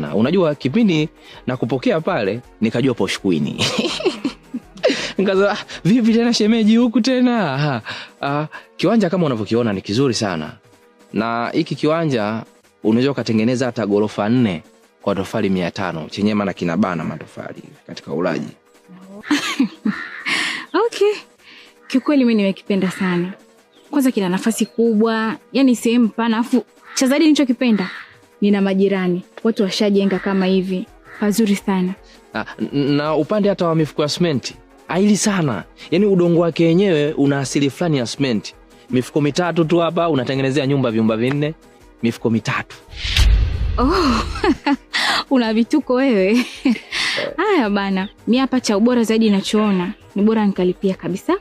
sana. Unajua kipindi na kupokea pale nikajua Posh Queen. Nikaza ah, vipi tena shemeji huku tena? Ha, ha, ah, kiwanja kama unavyokiona ni kizuri sana. Na hiki kiwanja unaweza ukatengeneza hata gorofa nne kwa tofali mia tano chenye maana kinabana matofali katika ulaji. Okay. Kiukweli mimi nimekipenda sana. Kwanza kina nafasi kubwa, yani sehemu pana, afu cha zaidi nilichokipenda nina majirani watu washajenga kama hivi pazuri sana ah, na, na upande hata wa mifuko ya smenti aili sana, yaani udongo wake wenyewe una asili fulani ya smenti Mifuko mitatu tu hapa unatengenezea nyumba vyumba vinne, mifuko mitatu. Oh, una vituko wewe haya bana, mi hapa cha ubora zaidi nachoona ni bora nikalipia kabisa,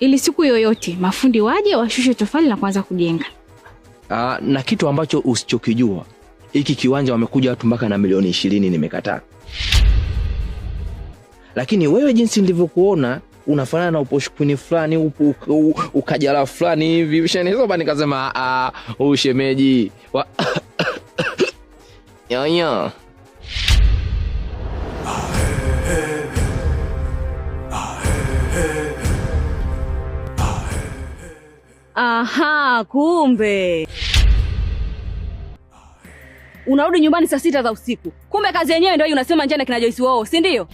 ili siku yoyote mafundi waje washushe tofali na kuanza kujenga. Aa, ah, na kitu ambacho usichokijua hiki kiwanja wamekuja watu mpaka na milioni ishirini nimekataa, lakini wewe jinsi nilivyokuona unafanana na uposhukuni fulani upo ukajala fulani hivi ushanisoba, nikasema ah, ushemeji wa yoyo Aha, kumbe unarudi nyumbani saa sita za usiku, kumbe kazi yenyewe ndio unasema njana kinajoisi wao, si ndio?